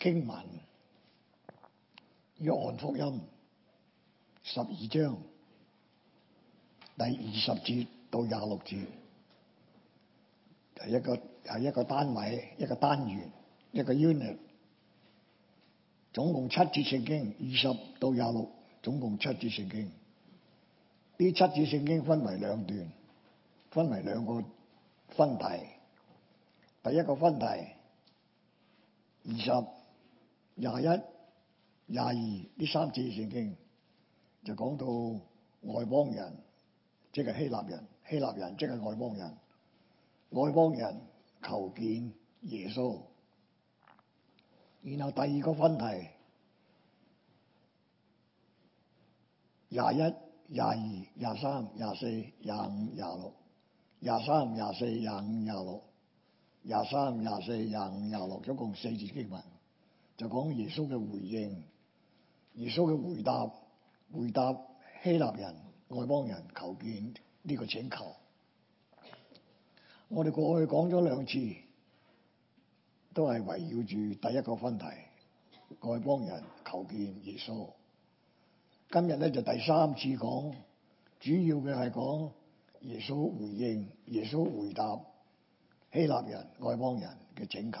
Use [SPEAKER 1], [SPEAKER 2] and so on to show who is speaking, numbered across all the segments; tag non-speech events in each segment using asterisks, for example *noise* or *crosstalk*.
[SPEAKER 1] 經文《約翰福音》十二章第二十節到廿六節，係一個係一個單位，一個單元，一個 unit，總共七節聖經，二十到廿六，總共七節聖經。呢七節聖經分為兩段，分為兩個分題。第一個分題二十、廿一、廿二呢三節聖經就講到外邦人，即係希臘人，希臘人即係外邦人，外邦人求見耶穌。然後第二個分題，廿一、廿二,二、廿三、廿四、廿五、廿六、廿三、廿四、廿五、廿六、廿三、廿四、廿五、廿六，總共四節經文。就講耶穌嘅回應，耶穌嘅回答，回答希臘人外邦人求見呢個請求。我哋過去講咗兩次，都係圍繞住第一個分題，外邦人求見耶穌。今日咧就第三次講，主要嘅係講耶穌回應，耶穌回答希臘人外邦人嘅請求。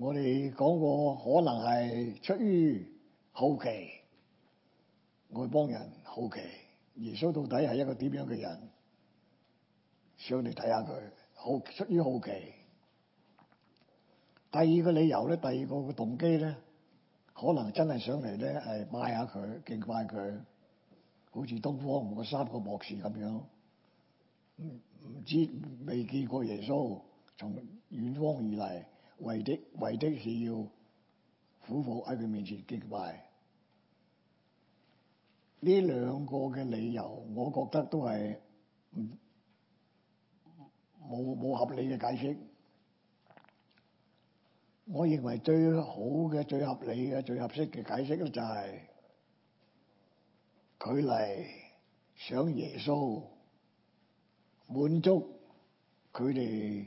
[SPEAKER 1] 我哋講過，可能係出於好奇，外邦人好奇耶穌到底係一個點樣嘅人，上嚟睇下佢，好出於好奇。第二個理由咧，第二個嘅動機咧，可能真係上嚟咧，係拜下佢，敬拜佢，好似東方嗰三個博士咁樣，唔唔知未見過耶穌，從遠方而嚟。為的為的是要苦苦喺佢面前擊敗，呢兩個嘅理由，我覺得都係冇冇合理嘅解釋。我認為最好嘅、最合理嘅、最合適嘅解釋咧，就是，就係佢嚟想耶穌滿足佢哋，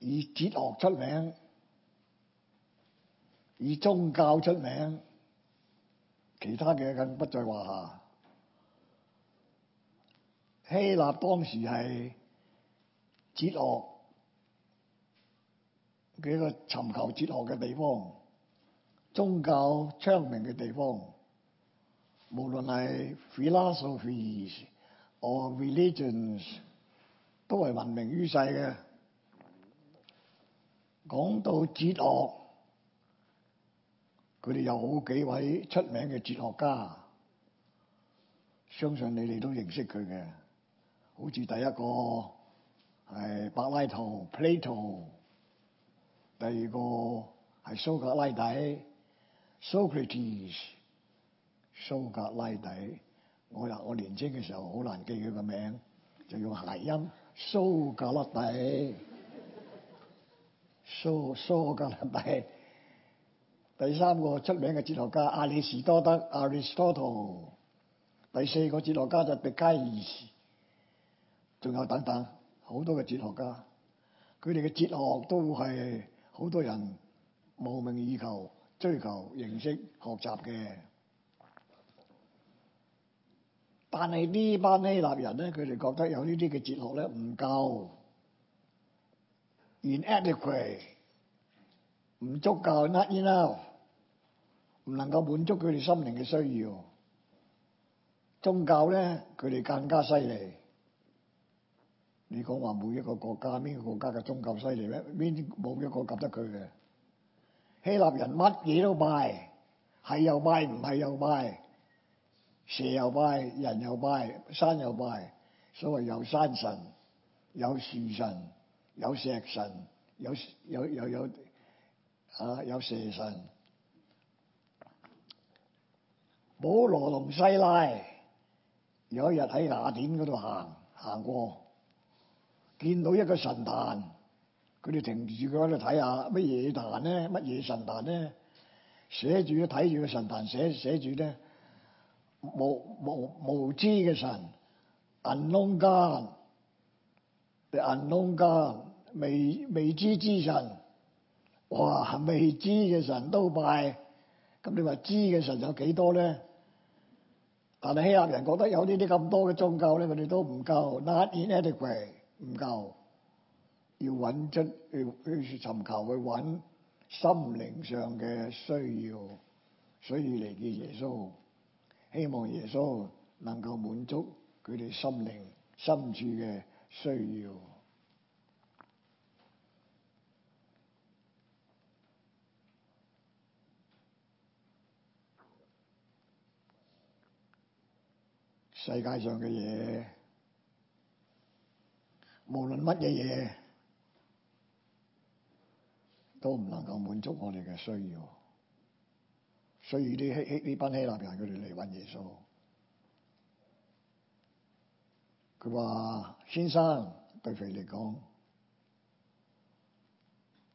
[SPEAKER 1] 以哲學出名，以宗教出名，其他嘅更不在話下。希臘當時係哲學，佢係一個尋求哲學嘅地方，宗教昌明嘅地方，無論係 philosophies or religions，都係聞名於世嘅。講到哲學，佢哋有好幾位出名嘅哲學家，相信你哋都認識佢嘅。好似第一個係柏拉圖 （Plato），第二個係蘇格拉底 （Socrates）。蘇格拉底，我嗱，我年青嘅時候好難記佢個名，就用諧音蘇格拉底。蘇蘇格拉底，so, so, 第三個出名嘅哲學家阿里士多德 Aristotle，第四個哲學家就笛卡兒，仲有等等好多嘅哲學家，佢哋嘅哲學都係好多人慕名以求追求認識學習嘅，但係呢班希臘人咧，佢哋覺得有呢啲嘅哲學咧唔夠。inadequate，唔足夠，not enough，唔能夠滿足佢哋心靈嘅需要。宗教咧，佢哋更加犀利。你講話每一個國家，邊個國家嘅宗教犀利咧？邊冇一個及得佢嘅？希臘人乜嘢都拜，係又拜，唔係又拜，蛇又拜，人又拜，山又拜，所謂有山神，有樹神。有石神，有有有有啊！有蛇神。保羅同西拉有一日喺雅典度行行過，見到一個神壇，佢哋停住喺度睇下乜嘢壇咧？乜嘢神壇咧？寫住睇住個神壇寫寫住咧，無無無知嘅神，銀弄間，銀弄間。未未知之神，哇，未知嘅神都拜，咁你話知嘅神有幾多咧？但係希臘人覺得有呢啲咁多嘅宗教咧，佢哋都唔夠，not adequate 唔夠，要揾出去去尋求去揾心靈上嘅需要，所以嚟見耶穌，希望耶穌能夠滿足佢哋心靈深處嘅需要。世界上嘅嘢，無論乜嘢嘢，都唔能夠滿足我哋嘅需要，所以啲呢班希臘人佢哋嚟揾耶穌，佢話先生對腓力嚟講，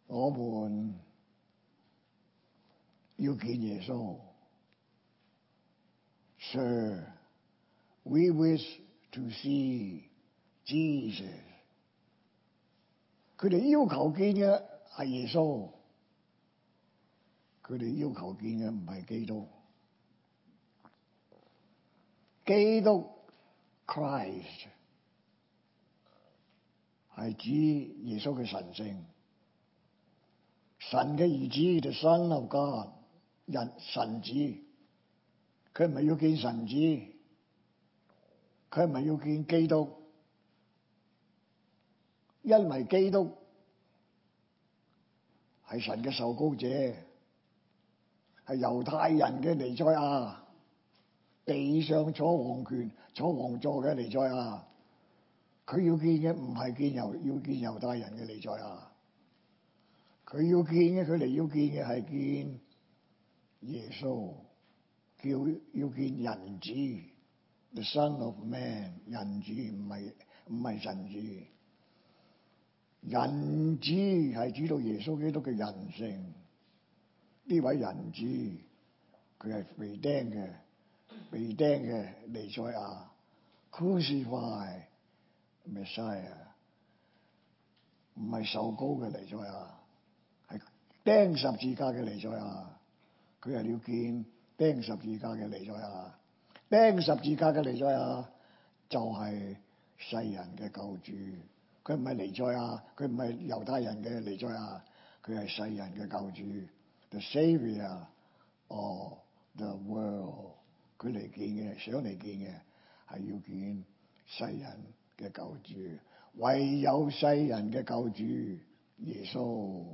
[SPEAKER 1] 我們要見耶穌，Sir。We wish to see Jesus。佢哋要求見嘅係耶穌，佢哋要求見嘅唔係基督。基督 Christ 係指耶穌嘅神聖，神嘅兒子就係 The Son of God，人神子，佢唔係要見神子。佢唔係要見基督，因為基督係神嘅受膏者，係猶太人嘅彌賽亞，地上坐王權、坐王座嘅彌賽亞，佢要見嘅唔係見猶，要見猶太人嘅彌賽亞，佢要見嘅佢嚟要見嘅係見耶穌，叫要見人子。The son of man，人子唔係唔係神子。人子係指導耶穌基督嘅人性。呢位人子，佢係被釘嘅，被釘嘅彌賽亞，Crucified Messiah，唔係受膏嘅彌賽亞，係釘十字架嘅彌賽亞，佢係要見釘十字架嘅彌賽亞。釘十字架嘅彌賽亞就係、是、世人嘅救主，佢唔係彌賽亞，佢唔係猶太人嘅彌賽亞，佢係世人嘅救主，the savior of the world，佢嚟見嘅想嚟見嘅係要見世人嘅救主，唯有世人嘅救主耶穌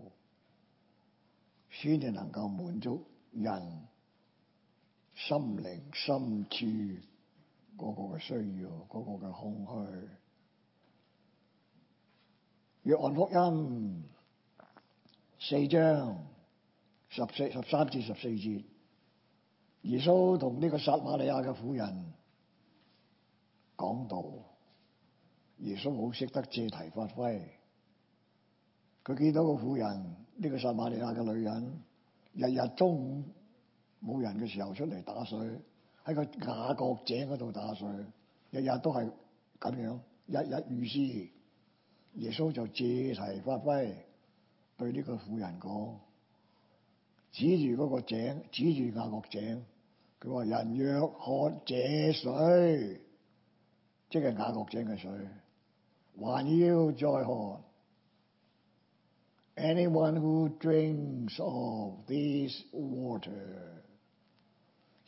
[SPEAKER 1] 先至能夠滿足人。心靈深處嗰個嘅需要，嗰個嘅空虛。約翰福音四章十四十三至十四節，耶穌同呢個撒瑪利亞嘅婦人講道，耶穌好識得借題發揮。佢見到個婦人，呢個撒瑪利亞嘅女人，日日中午。冇人嘅時候出嚟打水，喺個雅各井嗰度打水，日日都係咁樣，日日如斯。耶穌就借題發揮，對呢個婦人講，指住嗰個井，指住雅各井，佢話：人若喝井水，即係雅各井嘅水，還要再渴。Anyone who drinks of this water,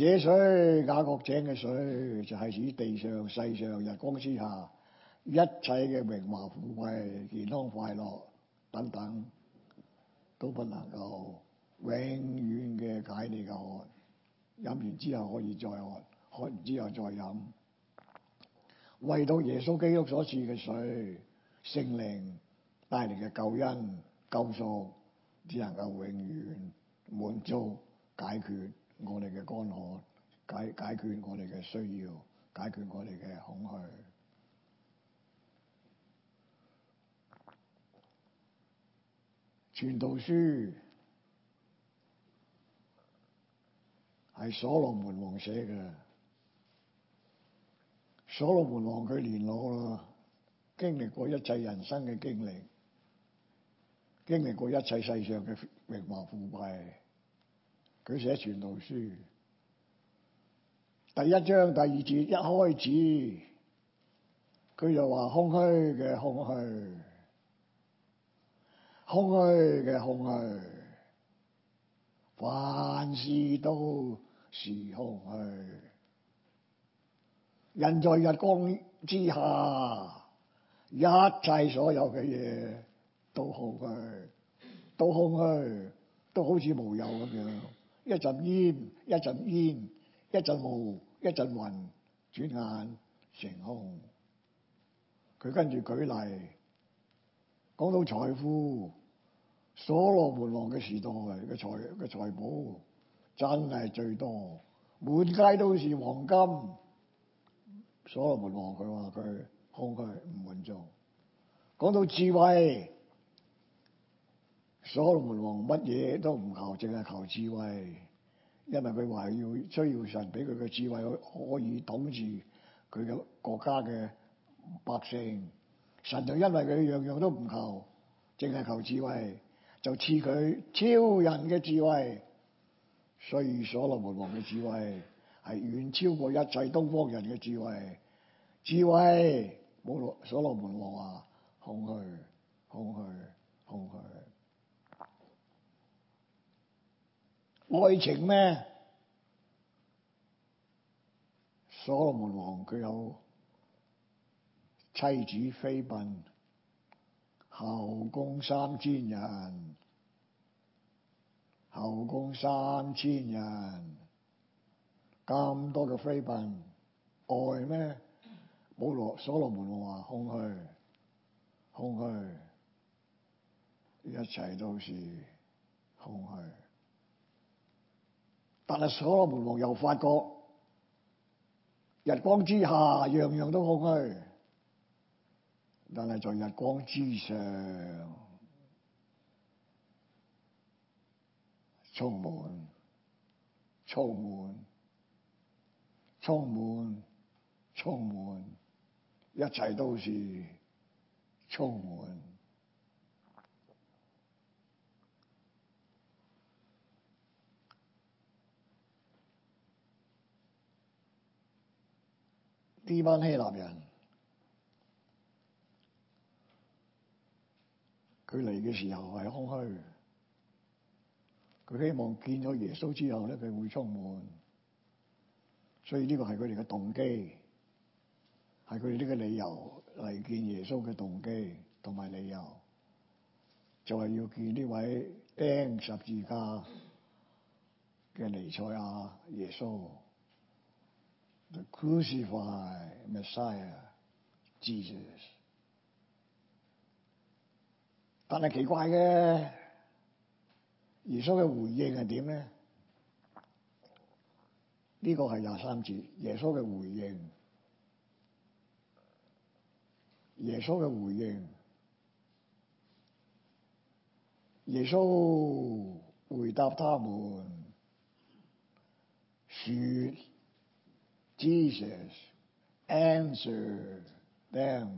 [SPEAKER 1] 這水、雅各井嘅水，就係、是、指地上、世上、日光之下一切嘅榮華富貴、健康快樂等等，都不能夠永遠嘅解你嘅渴。飲完之後可以再渴，渴完之後再飲。唯獨耶穌基督所賜嘅水、聖靈帶嚟嘅救恩、救贖，只能夠永遠滿足解決。我哋嘅乾渴，解解決我哋嘅需要，解決我哋嘅恐懼。《傳道書》係所羅門王寫嘅，所羅門王佢年老啦，經歷過一切人生嘅經歷，經歷過一切世上嘅榮華富貴。佢寫傳道書，第一章第二節一開始，佢就話空虛嘅空虛，空虛嘅空虛，凡事都是空虛。人在日光之下，一切所有嘅嘢，都空虛，都空虛，都好似無有咁樣。一陣煙，一陣煙，一陣霧，一陣雲，轉眼成空。佢跟住舉例講到財富，所羅門王嘅時代嘅財嘅財，財寶真係最多，滿街都是黃金。所羅門王佢話佢空虛唔滿足，講到智慧。所羅門王乜嘢都唔求，淨係求智慧，因為佢話要需要神俾佢嘅智慧，可以擋住佢嘅國家嘅百姓。神就因為佢樣樣都唔求，淨係求智慧，就賜佢超人嘅智慧。所以所羅門王嘅智慧係遠超過一切東方人嘅智慧。智慧，冇所羅門王啊，空虛，空虛，空虛。愛情咩？所羅門王佢有妻子妃嬪，後宮三千人，後宮三千人，咁多嘅妃嬪，愛咩？冇羅，所羅門王話空虛，空虛，一切都是空虛。但係所羅門王，又發覺日光之下，樣樣都空虛；但係在日光之上，充滿、充滿、充滿、充滿，一切都是充滿。呢班希臘人，佢嚟嘅時候係空虛，佢希望見咗耶穌之後咧，佢會充滿。所以呢個係佢哋嘅動機，係佢哋呢個理由嚟見耶穌嘅動機同埋理由，就係、是、要見呢位釘十字架嘅彌賽亞，耶穌。被 crucify Messiah Jesus，但係奇怪嘅，耶穌嘅回應係點呢？呢、這個係廿三節耶穌嘅回應。耶穌嘅回應，耶穌回答他們說。Jesus answer them,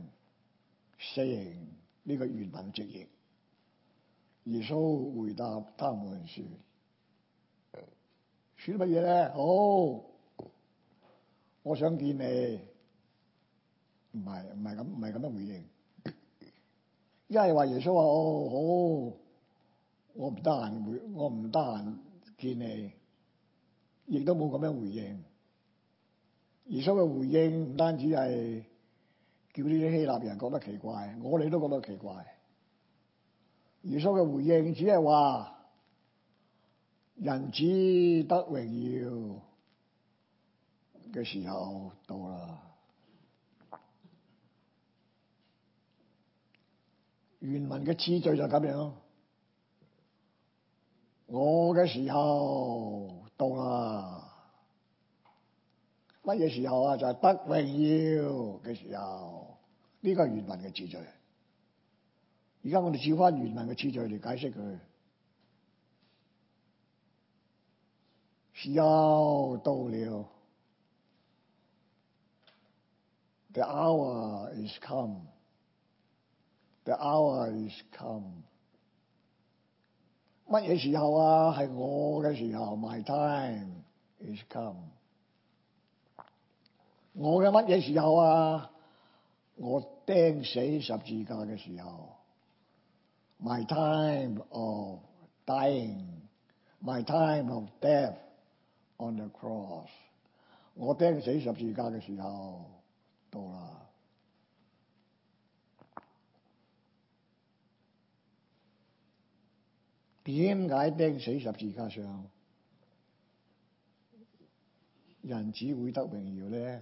[SPEAKER 1] saying 呢個原文直譯，耶穌回答他們說：說乜嘢咧？好、oh,，我想見你，唔係唔係咁唔係咁樣回應，一係話耶穌話：哦、oh, 好、oh,，我唔得閒回，我唔得閒見你，亦都冇咁樣回應。耶穌嘅回應唔單止係叫呢啲希臘人覺得奇怪，我哋都覺得奇怪。耶穌嘅回應只係話：人子得榮耀嘅時候到啦。原文嘅次序就係咁樣，我嘅時候到啦。乜嘢時候啊？就係得榮耀嘅時候，呢個係原文嘅次序。而家我哋照翻原文嘅次序嚟解釋佢。時候到了，The hour is come，The hour is come。乜嘢時候啊？係我嘅時候，My time is come。我嘅乜嘢時候啊？我釘死十字架嘅時候，my time of dying，my time of death on the cross。我釘死十字架嘅時候到啦。點解釘死十字架上人只會得榮耀咧？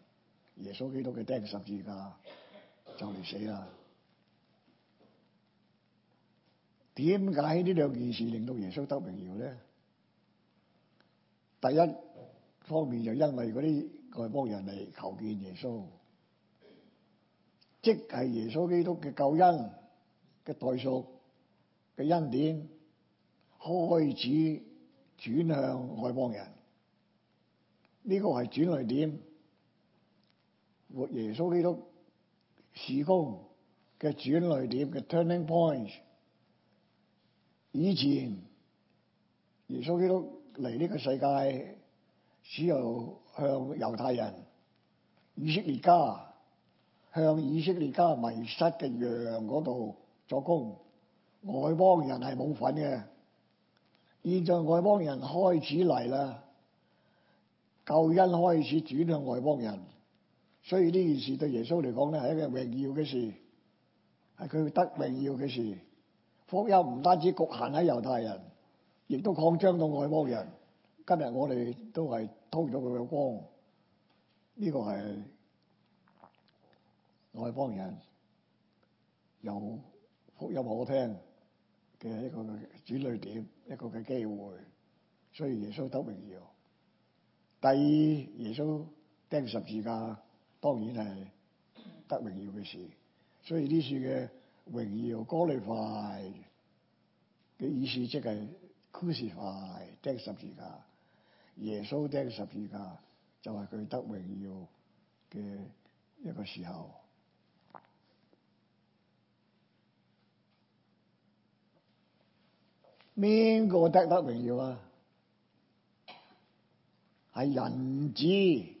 [SPEAKER 1] 耶穌基督嘅釘十字架就嚟死啦。點解呢兩件事令到耶穌得榮耀咧？第一方面就是、因為嗰啲外邦人嚟求見耶穌，即係耶穌基督嘅救恩嘅代贖嘅恩典開始轉向外邦人，呢、這個係轉捩點。活耶穌基督時光嘅轉捩點嘅 turning point。以前耶穌基督嚟呢個世界，只有向猶太人、以色列家向以色列家迷失嘅羊嗰度作工。外邦人係冇份嘅。現在外邦人開始嚟啦，救恩開始轉向外邦人。所以呢件事對耶穌嚟講咧係一個榮耀嘅事，係佢得榮耀嘅事。福音唔單止局限喺猶太人，亦都擴張到外邦人。今日我哋都係通咗佢嘅光，呢、這個係外邦人有福音好聽嘅一個嘅主類點，一個嘅機會。所以耶穌得榮耀，第二，耶穌釘十字架。當然係得榮耀嘅事，所以呢次嘅榮耀、glorified 嘅意思即係 crucified 釘十字架，耶穌釘十字架就係、是、佢得榮耀嘅一個時候。邊個得得榮耀啊？係人子。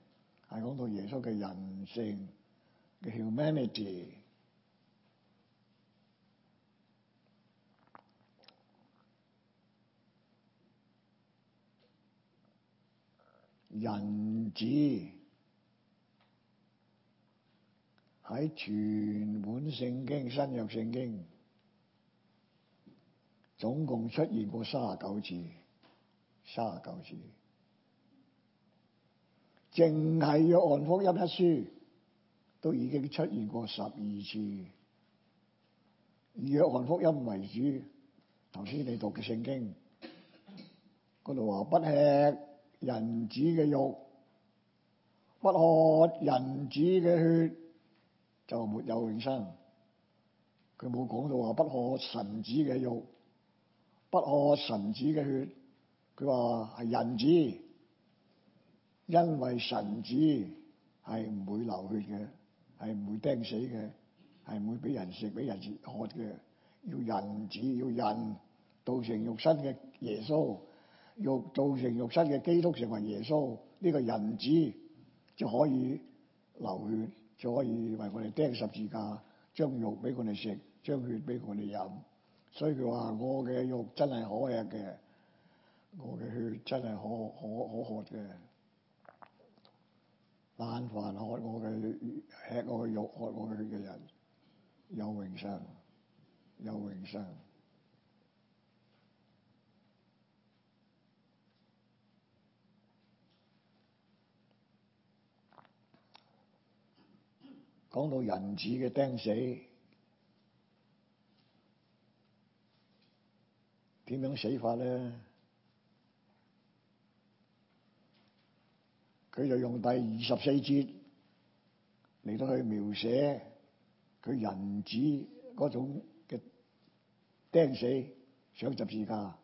[SPEAKER 1] 係講到耶穌嘅人性嘅 humanity，人子喺全本聖經，新約聖經總共出現過三十九次，三十九次。淨係約翰福音一書都已經出現過十二次，以約翰福音為主。頭先你讀嘅聖經嗰度話： *laughs* 不吃人子嘅肉，不喝人子嘅血，就沒有永生。佢冇講到話：不喝神子嘅肉，不喝神子嘅血。佢話係人子。因為神子係唔會流血嘅，係唔會釘死嘅，係唔會俾人食俾人食喝嘅。要人子，要人造成肉身嘅耶穌，肉造成肉身嘅基督成為耶穌呢個人子，就可以流血，就可以為我哋釘十字架，將肉俾佢哋食，將血俾佢哋飲。所以佢話我嘅肉真係可食嘅，我嘅血真係可可可喝嘅。但凡喝我嘅，吃我嘅肉，喝我嘅血嘅人有榮幸，有榮幸。講到人子嘅釘死，點樣死法呢？佢就用第二十四節嚟到去描寫佢人子嗰種嘅釘死上十字架，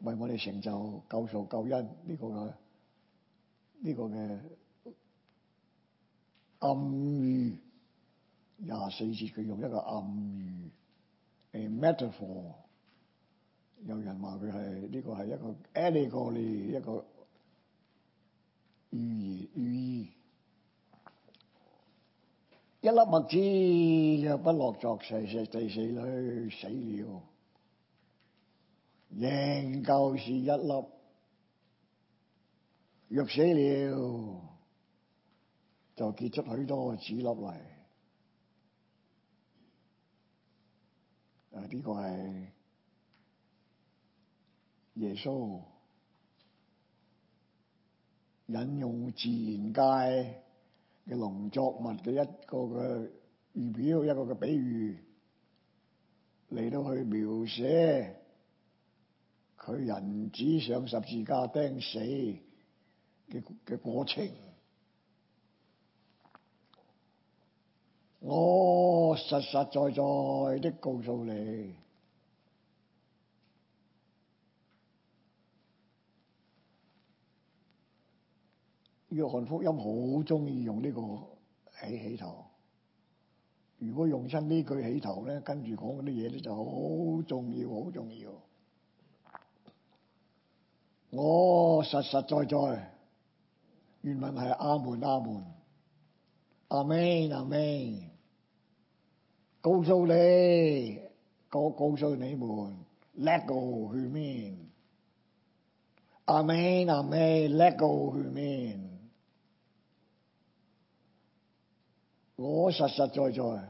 [SPEAKER 1] 為我哋成就救贖救恩呢、這個嘅呢、這個嘅暗喻。廿四節佢用一個暗喻，係 metaphor。有人話佢係呢個係一個 analogy 一個。淤液淤，一粒麥子若不落作世世世地四四第四女死了，仍舊是一粒。若死了，就結出許多子粒嚟。啊！呢、這個係耶穌。引用自然界嘅農作物嘅一個嘅預表，一個嘅比喻嚟到去描寫佢人子上十字架釘死嘅嘅過程。我實實在在的告訴你。約翰福音好中意用呢個起起頭，如果用親呢句起頭咧，跟住講嗰啲嘢咧就好重要，好重要。我實實在在，原文係阿門阿門，阿門阿門，Amen, Amen, 告訴你，我告告訴你們，lego humin，阿門阿門，lego humin 我實實在在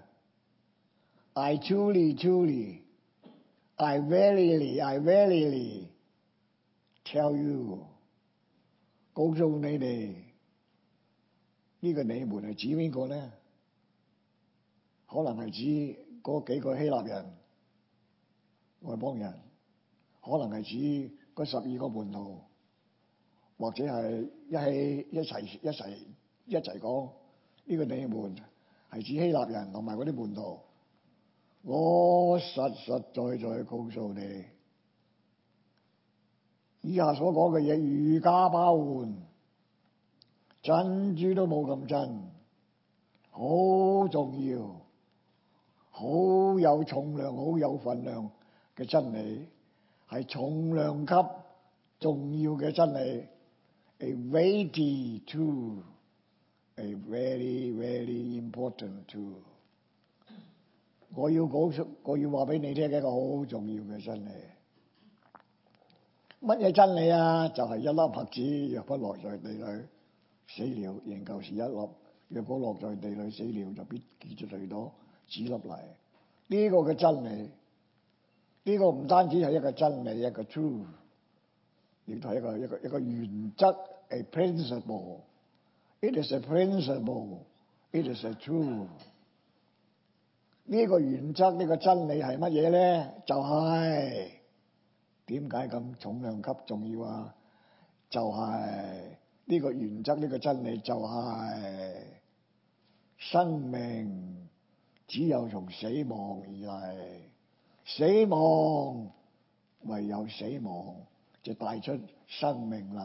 [SPEAKER 1] ，I truly truly, I verily、really, I verily、really、tell you，告訴你哋呢，這個你們係指邊個呢？可能係指嗰幾個希臘人外邦人，可能係指嗰十二個門徒，或者係一起一齊一齊一齊講呢個你們。係指希臘人同埋嗰啲門徒，我實實在在告訴你，以下所講嘅嘢如假包換，珍珠都冇咁真，好重要，好有重量、好有份量嘅真理，係重量級重要嘅真理，係 weighty too 係 really really important to，我要講出，我要話俾你聽一個好重要嘅真理。乜嘢真理啊？就係、是、一粒核子若不落在地裏，死了仍舊是一粒；若果落在地裏死了，就必變咗最多子粒嚟。呢、這個嘅真理，呢、這個唔單止係一個真理，一個 true，亦都係一個一個一個，一個原則，係 principle。It is a principle. It is a truth. 呢個原則呢、呢個真理係乜嘢咧？就係點解咁重量級重要啊？就係、是、呢、呢個原則呢、呢個真理就係、是、生命只有從死亡而嚟，死亡唯有死亡就帶出生命嚟。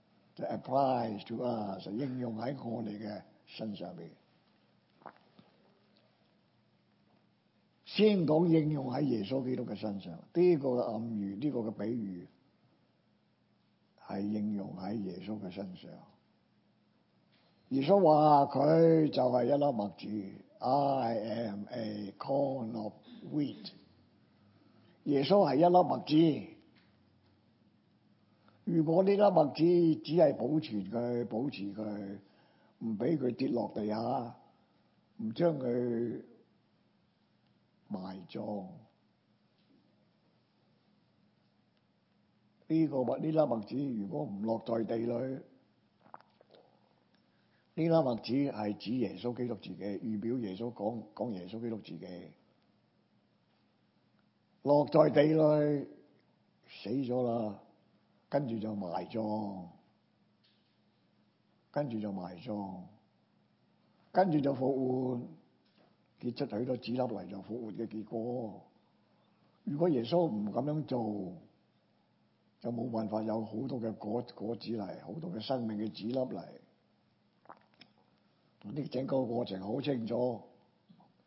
[SPEAKER 1] Applies to us, 係應用喺我哋嘅身上邊。先講應用喺耶穌基督嘅身上，呢、這個嘅暗喻，呢、這個嘅比喻係應用喺耶穌嘅身上。耶穌話佢就係一粒麥子，I am a corn of wheat。耶穌係一粒麥子。如果呢粒麥子只係保存佢，保持佢，唔俾佢跌落地下，唔將佢埋葬，呢、這個麥呢粒麥子，如果唔落在地裏，呢粒麥子係指耶穌基督自己，預表耶穌講講耶穌基督自己，落在地裏死咗啦。跟住就埋葬，跟住就埋葬，跟住就復活，結出許多子粒嚟，就復活嘅結果。如果耶穌唔咁樣做，就冇辦法有好多嘅果果子嚟，好多嘅生命嘅子粒嚟。呢整個過程好清楚，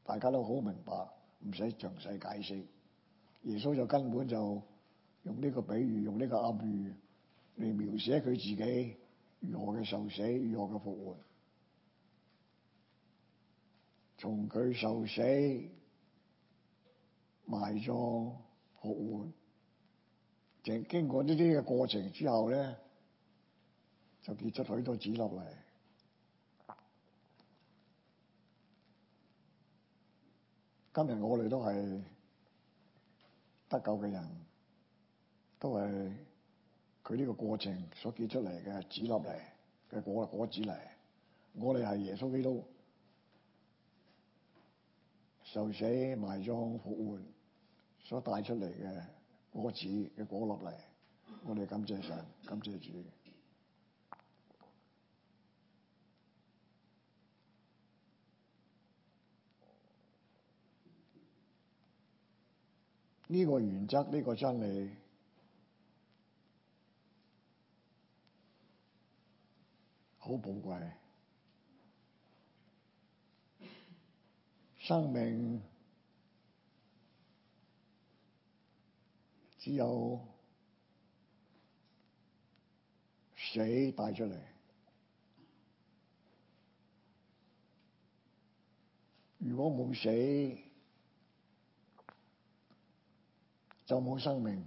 [SPEAKER 1] 大家都好明白，唔使詳細解釋。耶穌就根本就。用呢個比喻，用呢個暗喻嚟描寫佢自己如何嘅受死，如何嘅復活。從佢受死、埋葬、復活，正經過呢啲嘅過程之後咧，就結出許多子粒嚟。今日我哋都係得救嘅人。都係佢呢個過程所結出嚟嘅子粒嚟嘅果粒果子嚟。我哋係耶穌基督受死埋葬復活所帶出嚟嘅果子嘅果粒嚟，我哋感謝神，感謝主。呢個原則，呢個真理。好寶貴，生命只有死帶出嚟。如果冇死，就冇生命。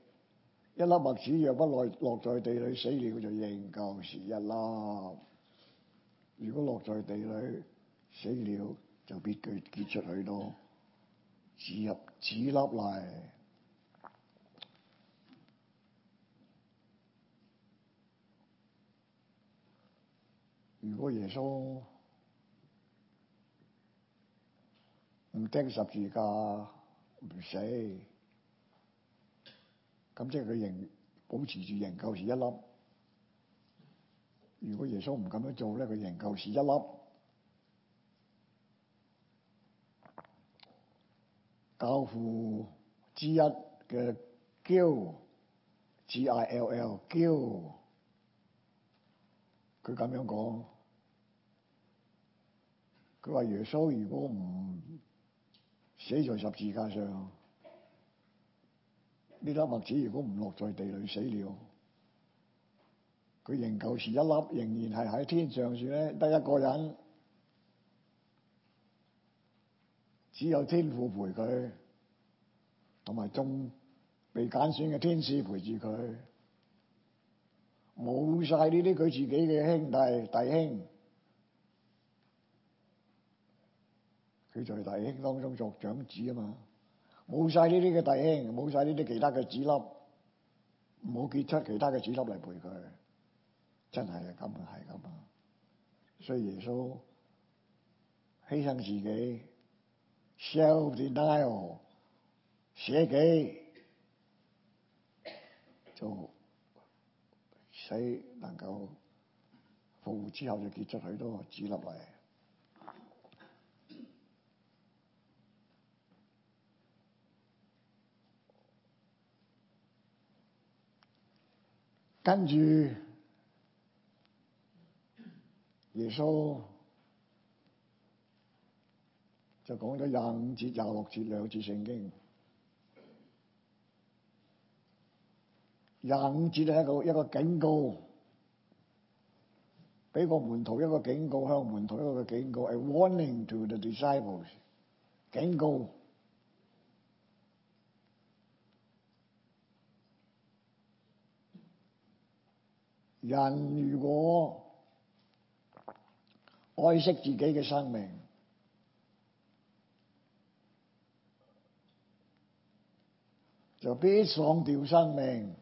[SPEAKER 1] 一粒麥子若不落落在地裏死了，就仍舊是一粒；如果落在地裏死了，就必具結出許多子入子粒來。如果耶穌唔釘十字架唔死。咁即係佢仍保持住仍舊是一粒。如果耶穌唔咁樣做咧，佢仍舊是一粒。教父之一嘅 Gill，G-I-L-L，Gill 佢咁樣講。佢話：耶穌如果唔死在十字架上。呢粒麥子如果唔落在地裏死了，佢仍舊係一粒，仍然係喺天上算咧，得一個人，只有天父陪佢，同埋中被揀選嘅天使陪住佢，冇晒呢啲佢自己嘅兄弟弟兄，佢在弟兄當中作長子啊嘛。冇晒呢啲嘅弟兄，冇晒呢啲其他嘅子粒，冇結出其他嘅子粒嚟陪佢，真係啊，咁啊係咁啊，所以耶穌犧牲自己，self-denial *noise* l 捨己，就使能夠復活之後就結出許多子粒嚟。跟住，耶穌就講咗廿五節、廿六節兩節聖經。廿五節係一個一個警告，俾個門徒一個警告，向門徒一個警告係 warning to the disciples，警告。人如果愛惜自己嘅生命，就必喪掉生命；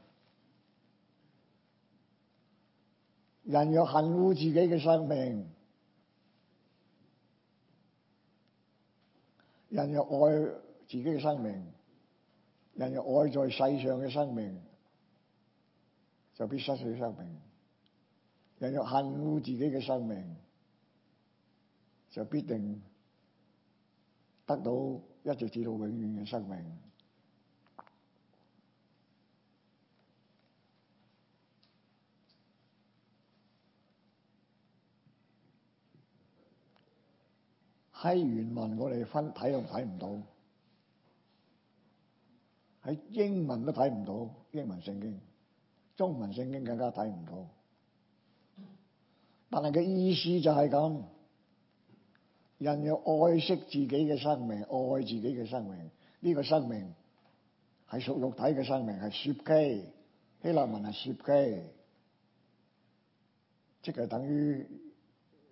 [SPEAKER 1] 人若恨惡自己嘅生命，人若愛自己嘅生命，人若愛在世上嘅生命，就必失去生命。人要恨惡自己嘅生命，就必定得到一直至到永遠嘅生命。喺原文我哋分睇又睇唔到，喺英文都睇唔到，英文聖經，中文聖經更加睇唔到。但係佢意思就係咁，人要愛惜自己嘅生命，愛自己嘅生命。呢、這個生命係屬肉體嘅生命，係攝基。希臘文係攝基，即係等於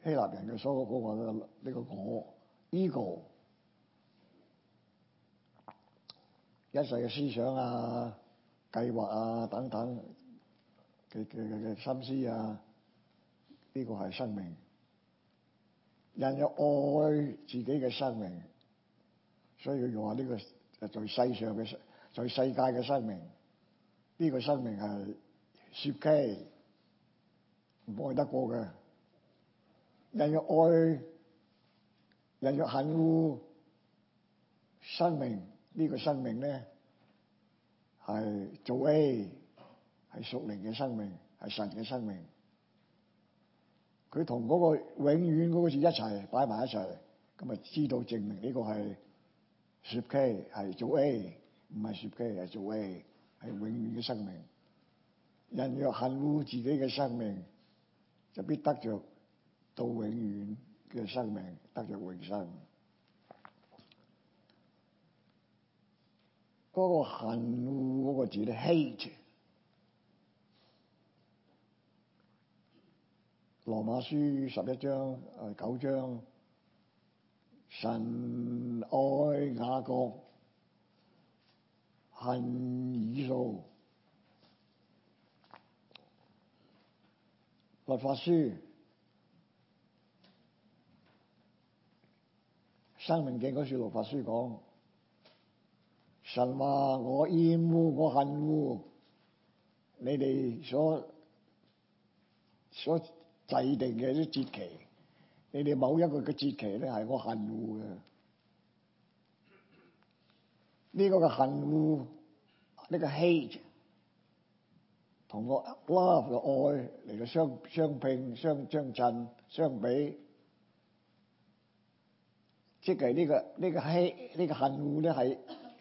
[SPEAKER 1] 希臘人嘅所有嗰、這個呢個我，ego，一世嘅思想啊、計劃啊等等嘅嘅嘅心思啊。呢個係生命，人要愛自己嘅生命，所以用下呢個在世上嘅，在世界嘅生命，呢、這個生命係雪唔愛得過嘅。人要愛，人要恨污生命，呢、這個生命咧係做 A，係屬靈嘅生命，係神嘅生命。佢同嗰個永遠嗰個字一齊擺埋一齊，咁咪知道證明呢個係薛 K 係做 A，唔係薛 K 係做 A，係永遠嘅生命。人若恨惡自己嘅生命，就必得著到永遠嘅生命，得著永生。嗰、那個恨惡字氣羅馬書十一章，誒、呃、九章，神愛雅各恨以掃。律法書、申命記嗰時，律法書講，神話我厭惡我恨惡你哋所所。所制定嘅啲節期，你哋某一個嘅節期咧係我恨惡嘅，呢、這個嘅恨惡，呢、這個 hate，同我 love 嘅愛嚟到相相拼相相襯相比，即係呢、這個呢、這個 h 呢個恨惡咧係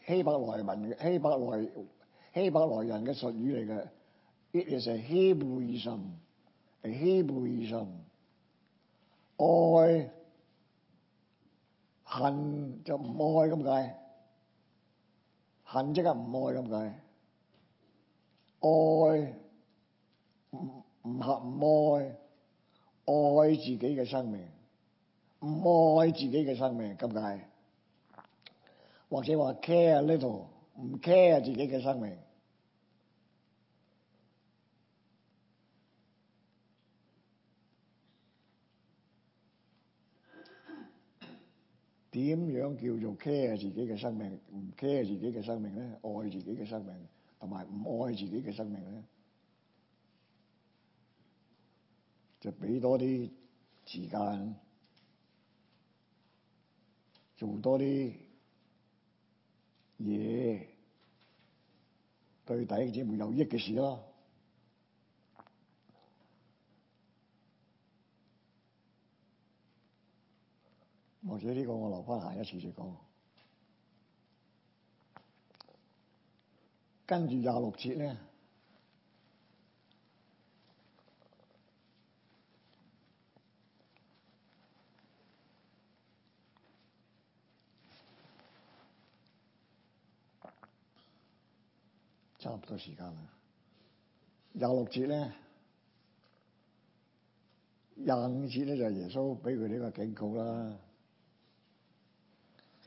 [SPEAKER 1] 希伯來文嘅希伯來希伯來人嘅術語嚟嘅，It is a Hebrewism 希布以神愛恨就唔愛咁解，恨即係唔愛咁解，愛唔唔合唔愛，愛自己嘅生命唔愛自己嘅生命咁解，或者話 care little 唔 care 自己嘅生命。點樣叫做 care 自己嘅生命？唔 care 自己嘅生命咧，愛自己嘅生命，同埋唔愛自己嘅生命咧，就俾多啲時間做多啲嘢，對自己最有益嘅事咯。或者呢個我留翻下一次再講，跟住廿六節咧，差唔多時間啦。廿六節咧，廿五節咧就係耶穌俾佢呢個警告啦。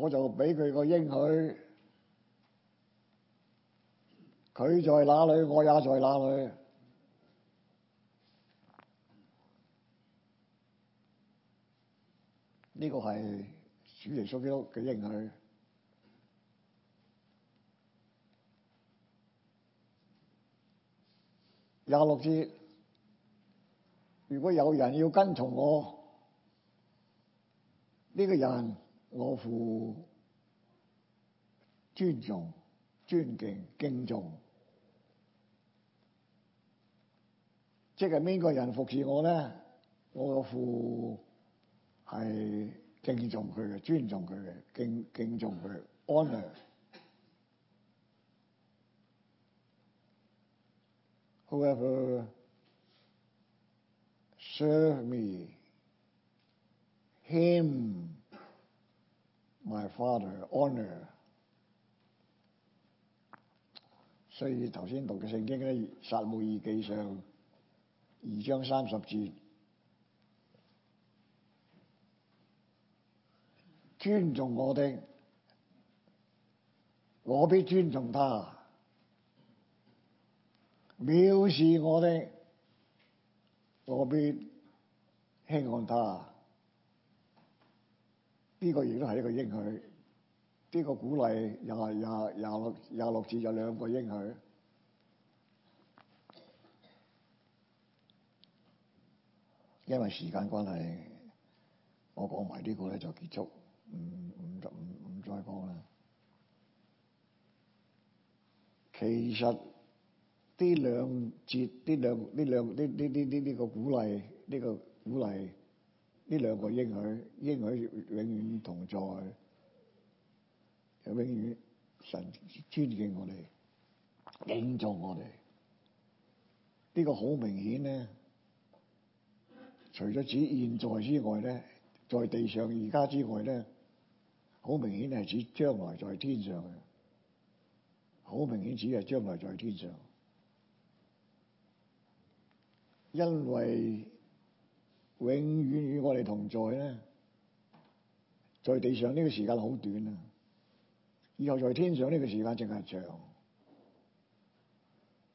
[SPEAKER 1] 我就俾佢個應許，佢在哪裏，我也在哪裏。呢、這個係主耶穌基督嘅應許。廿六節，如果有人要跟從我，呢、這個人。我父尊重、尊敬、敬重，即係邊個人服侍我咧？我父係敬重佢嘅、尊重佢嘅、敬敬重佢嘅。Honor whoever serve me, him. my father h o n o r，所以頭先讀嘅聖經咧，撒母耳記上二章三十節，尊重我的，我必尊重他；藐視我的，我必輕看他。呢個亦都係一個應許，呢、這個鼓勵又係廿係六又六節有兩個應許。因為時間關係，我講埋呢個咧就結束，唔唔再講啦。其實，呢兩節、呢兩、呢兩、呢呢呢呢個鼓勵，呢、這個鼓勵。呢兩個應許，應許永遠同在，永遠神尊敬我哋，敬重我哋。呢、這個好明顯咧，除咗指現在之外咧，在地上而家之外咧，好明顯係指將來在天上嘅，好明顯只係將來在天上，因為。永遠與我哋同在咧，在、就是、地上呢個時間好短啊，以後在天上呢個時間淨係長。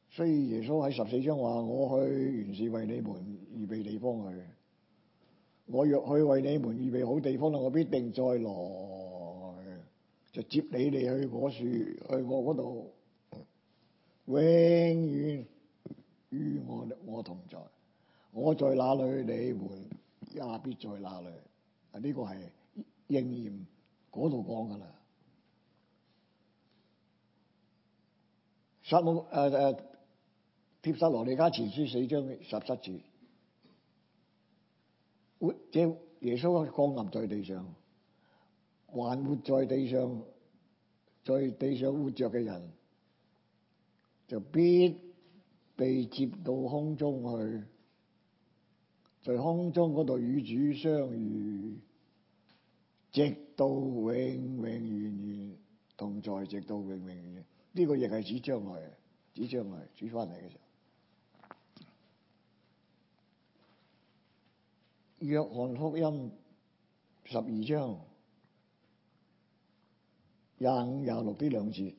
[SPEAKER 1] 所以耶穌喺十四章話：我去原是為你們預備地方去，我若去為你們預備好地方啦，我必定再來，就接你哋去樹去我嗰度，永遠與我我同在。我在哪裏，你們也、啊、必在哪裏。啊，呢個係應驗嗰度講噶啦。撒母誒誒，帖撒羅尼迦前書四章十七節，活即耶穌降臨在地上，還活在地上，在地上活着嘅人，就必被接到空中去。在空中嗰度與主相遇，直到永永遠遠同在，直到永永遠遠。呢、這個亦係指將來，指將來，指翻嚟嘅時候。約翰福音十二章廿五廿六呢兩節，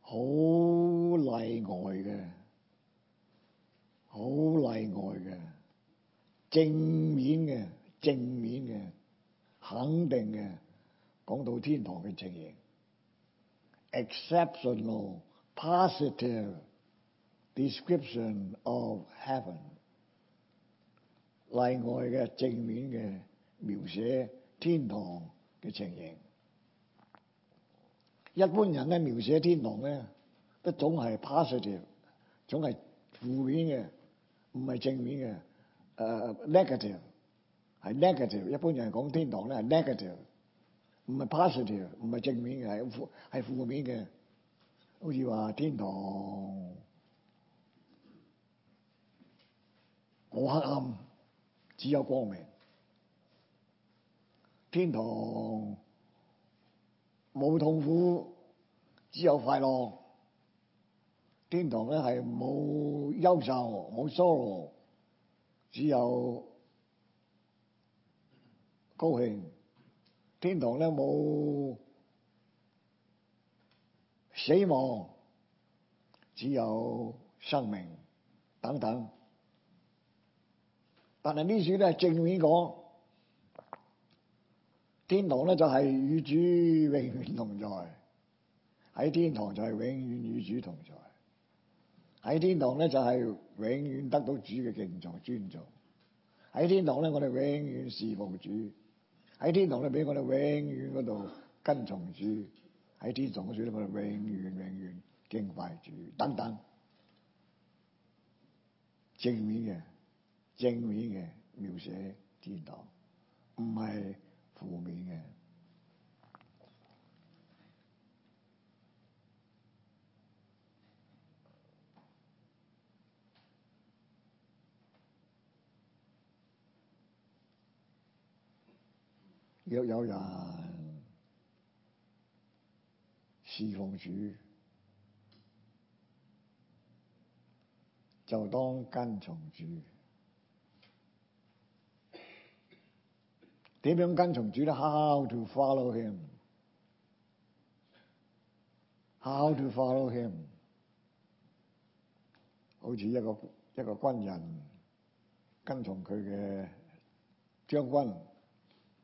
[SPEAKER 1] 好例外嘅。好例外嘅，正面嘅，正面嘅，肯定嘅，講到天堂嘅情形。Exceptional positive description of heaven，例外嘅正面嘅描寫天堂嘅情形。一般人咧描寫天堂咧，都總係 positive，總係負面嘅。唔係正面嘅，誒、uh, negative 係 negative。一般人講天堂咧係 negative，唔係 positive，唔係正面嘅，係負面嘅。好似話天堂冇黑暗，只有光明；天堂冇痛苦，只有快樂。天堂咧係冇憂愁冇 sorrow, 只有高興；天堂咧冇死亡，只有生命等等。但係呢處咧正面講，天堂咧就係與主永遠同在，喺天堂就係永遠與主同在。喺天堂咧就係、是、永遠得到主嘅敬重尊重，喺天堂咧我哋永遠侍奉主，喺天堂咧俾我哋永遠度跟從主，喺天堂嗰處咧我哋永遠永遠敬拜主等等，正面嘅正面嘅描寫天堂，唔係負面嘅。若有人侍奉主，就當跟從主。點樣跟從主咧？How to follow him？How to follow him？好似一個一個軍人跟從佢嘅將軍。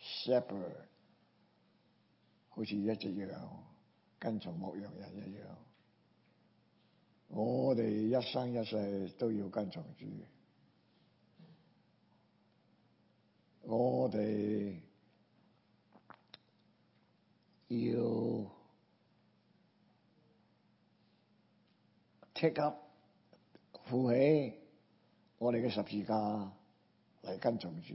[SPEAKER 1] Shepherd 好似一隻羊，跟從牧羊人一樣。我哋一生一世都要跟從主。我哋要 take up 負起我哋嘅十字架嚟跟從主。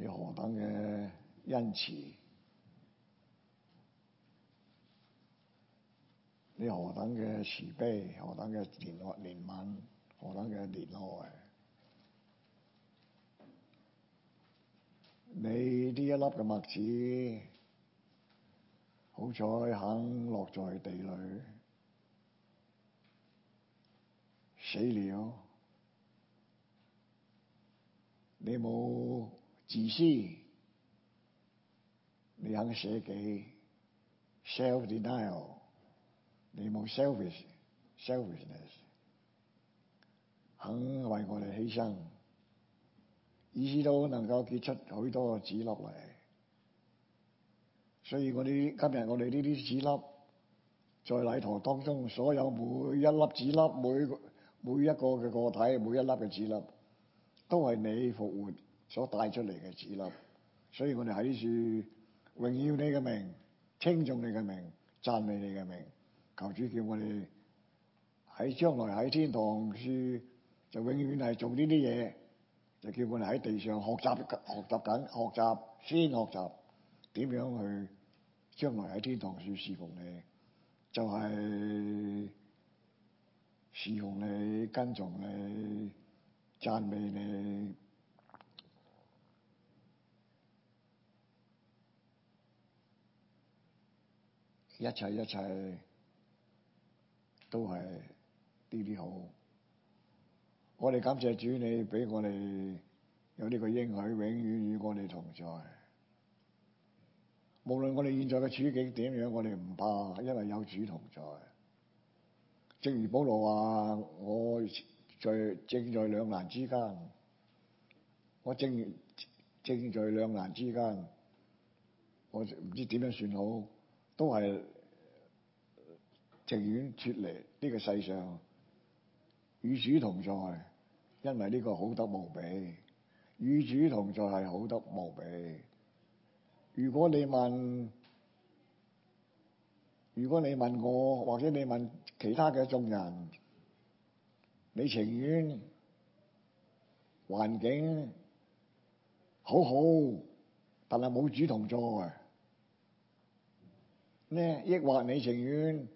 [SPEAKER 1] 你何等嘅恩慈？你何等嘅慈悲？何等嘅憐憫？何等嘅憐愛？你呢一粒嘅麥子，好彩肯落在地裏，死了，你冇自私，你肯捨己，self denial，你冇 selfish，selfishness，肯為我哋犧牲，意思都能夠結出好多嘅子粒嚟。所以我哋今日我哋呢啲子粒，在禮堂當中，所有每一粒子粒，每個每一個嘅個體，每一粒嘅子粒，都係你復活。所帶出嚟嘅子粒，所以我哋喺呢處榮耀你嘅名，稱頌你嘅名，讚美你嘅名。求主叫我哋喺將來喺天堂處，就永遠係做呢啲嘢。就叫我哋喺地上學習緊，學習緊，學習先學習點樣去將來喺天堂處侍奉你，就係、是、侍奉你、跟從你、讚美你。一切一切都係啲啲好，我哋感謝主，你俾我哋有呢個應許，永遠與我哋同在。無論我哋現在嘅處境點樣，我哋唔怕，因為有主同在。正如保羅話：我正在正在兩難之間，我正在我正，正在兩難之間，我唔知點樣算好。都係情願脫離呢個世上，與主同在，因為呢個好得無比。與主同在係好得無比。如果你問，如果你問我，或者你問其他嘅眾人，你情願環境好好，但係冇主同在。咧抑或你情願，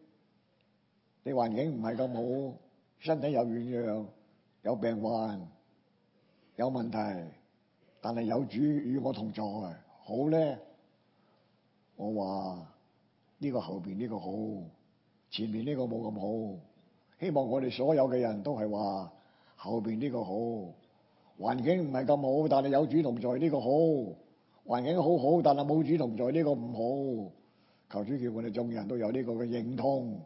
[SPEAKER 1] 你環境唔係咁好，身體有軟弱，有病患，有問題，但係有主與我同在。好咧，我話呢個後邊呢個好，前邊呢個冇咁好。希望我哋所有嘅人都係話後邊呢個好，環境唔係咁好，但係有主同在呢個好。環境好好，但係冇主同在呢個唔好。求主叫我哋眾人都有呢個嘅認同，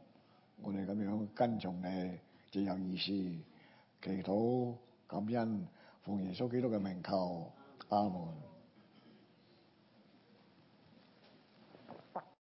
[SPEAKER 1] 我哋咁樣跟從你最有意思，祈禱感恩，奉耶穌基督嘅名求，阿門。